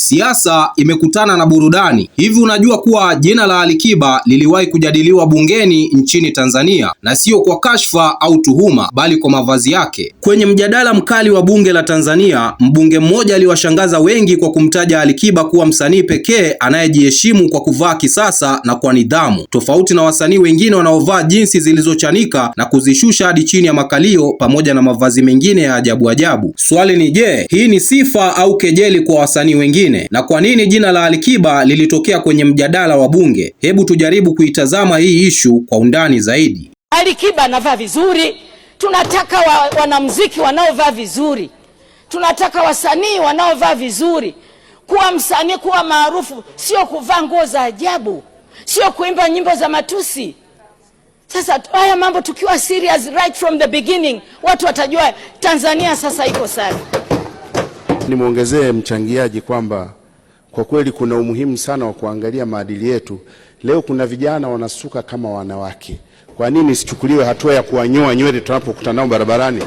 Siasa imekutana na burudani. Hivi unajua kuwa jina la Alikiba liliwahi kujadiliwa bungeni nchini Tanzania na sio kwa kashfa au tuhuma, bali kwa mavazi yake. Kwenye mjadala mkali wa bunge la Tanzania, mbunge mmoja aliwashangaza wengi kwa kumtaja Alikiba kuwa msanii pekee anayejiheshimu kwa kuvaa kisasa na kwa nidhamu, tofauti na wasanii wengine wanaovaa jinsi zilizochanika na kuzishusha hadi chini ya makalio pamoja na mavazi mengine ya ajabu ajabu. Swali ni je, hii ni sifa au kejeli kwa wasanii wengine? nyingine. Na kwa nini jina la Alikiba lilitokea kwenye mjadala wa Bunge? Hebu tujaribu kuitazama hii ishu kwa undani zaidi. Alikiba anavaa vizuri, tunataka wa, wanamuziki wanaovaa vizuri, tunataka wasanii wanaovaa vizuri. Kuwa msanii kuwa maarufu sio kuvaa nguo za ajabu, sio kuimba nyimbo za matusi. Sasa haya mambo tukiwa serious right from the beginning, watu watajua Tanzania sasa iko safi nimwongezee mchangiaji kwamba kwa kweli kuna umuhimu sana wa kuangalia maadili yetu. Leo kuna vijana wanasuka kama wanawake. Kwa nini sichukuliwe hatua ya kuwanyoa nywele tunapokutana nao barabarani?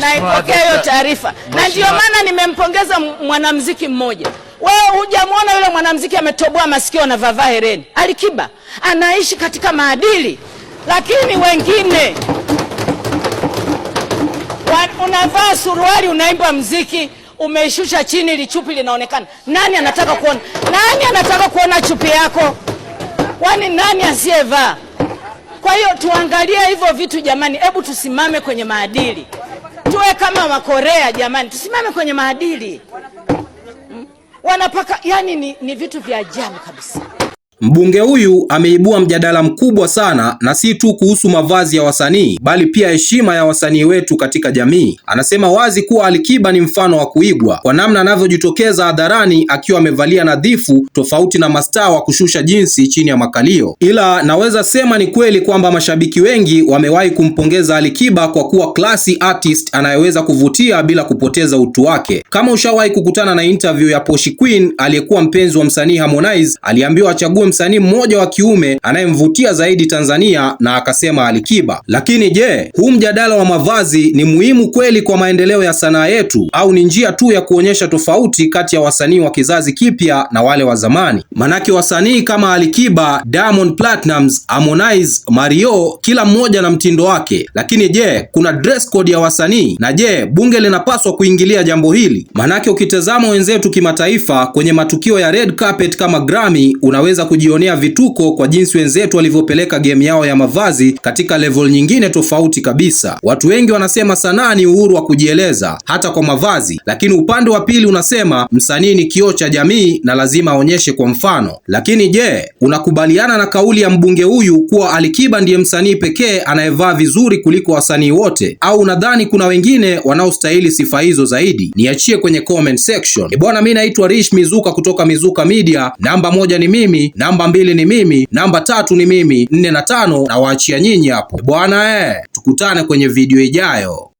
Naipokea hiyo taarifa na ndio maana nimempongeza mwanamuziki mmoja. Wewe hujamwona yule mwanamuziki ametoboa masikio na vavaa hereni? Alikiba anaishi katika maadili, lakini wengine unavaa suruali, unaimba mziki, umeishusha chini, ili chupi linaonekana. Nani anataka kuona? Nani anataka kuona chupi yako? Kwani nani asiyevaa? Kwa hiyo tuangalie hivyo vitu jamani, hebu tusimame kwenye maadili, tuwe kama Wakorea jamani, tusimame kwenye maadili. Hmm? Wanapaka yani ni, ni vitu vya ajabu kabisa. Mbunge huyu ameibua mjadala mkubwa sana na si tu kuhusu mavazi ya wasanii bali pia heshima ya wasanii wetu katika jamii. Anasema wazi kuwa Alikiba ni mfano wa kuigwa kwa namna anavyojitokeza hadharani akiwa amevalia nadhifu tofauti na mastaa wa kushusha jinsi chini ya makalio. Ila naweza sema ni kweli kwamba mashabiki wengi wamewahi kumpongeza Alikiba kwa kuwa classy artist anayeweza kuvutia bila kupoteza utu wake. Kama ushawahi kukutana na interview ya Poshy Queen aliyekuwa mpenzi wa msanii Harmonize, aliambiwa achague awe msanii mmoja wa kiume anayemvutia zaidi Tanzania na akasema Alikiba. Lakini je, huu mjadala wa mavazi ni muhimu kweli kwa maendeleo ya sanaa yetu au ni njia tu ya kuonyesha tofauti kati ya wasanii wa kizazi kipya na wale wa zamani? Manake wasanii kama Alikiba, Diamond Platnumz, Harmonize, Mario, kila mmoja na mtindo wake. Lakini je, kuna dress code ya wasanii? Na je, bunge linapaswa kuingilia jambo hili? Manake ukitazama wenzetu kimataifa kwenye matukio ya red carpet kama Grammy, unaweza kujionea vituko kwa jinsi wenzetu walivyopeleka game yao ya mavazi katika level nyingine tofauti kabisa. Watu wengi wanasema sanaa ni uhuru wa kujieleza hata kwa mavazi, lakini upande wa pili unasema msanii ni kioo cha jamii na lazima aonyeshe kwa mfano. Lakini je, unakubaliana na kauli ya mbunge huyu kuwa Alikiba ndiye msanii pekee anayevaa vizuri kuliko wasanii wote, au unadhani kuna wengine wanaostahili sifa hizo zaidi? Niachie kwenye comment section. Bwana, mimi naitwa Rish Mizuka kutoka Mizuka Media. Namba moja ni mimi namba mbili ni mimi, namba tatu ni mimi, nne na tano nawaachia nyinyi hapo bwana. Eh, tukutane kwenye video ijayo.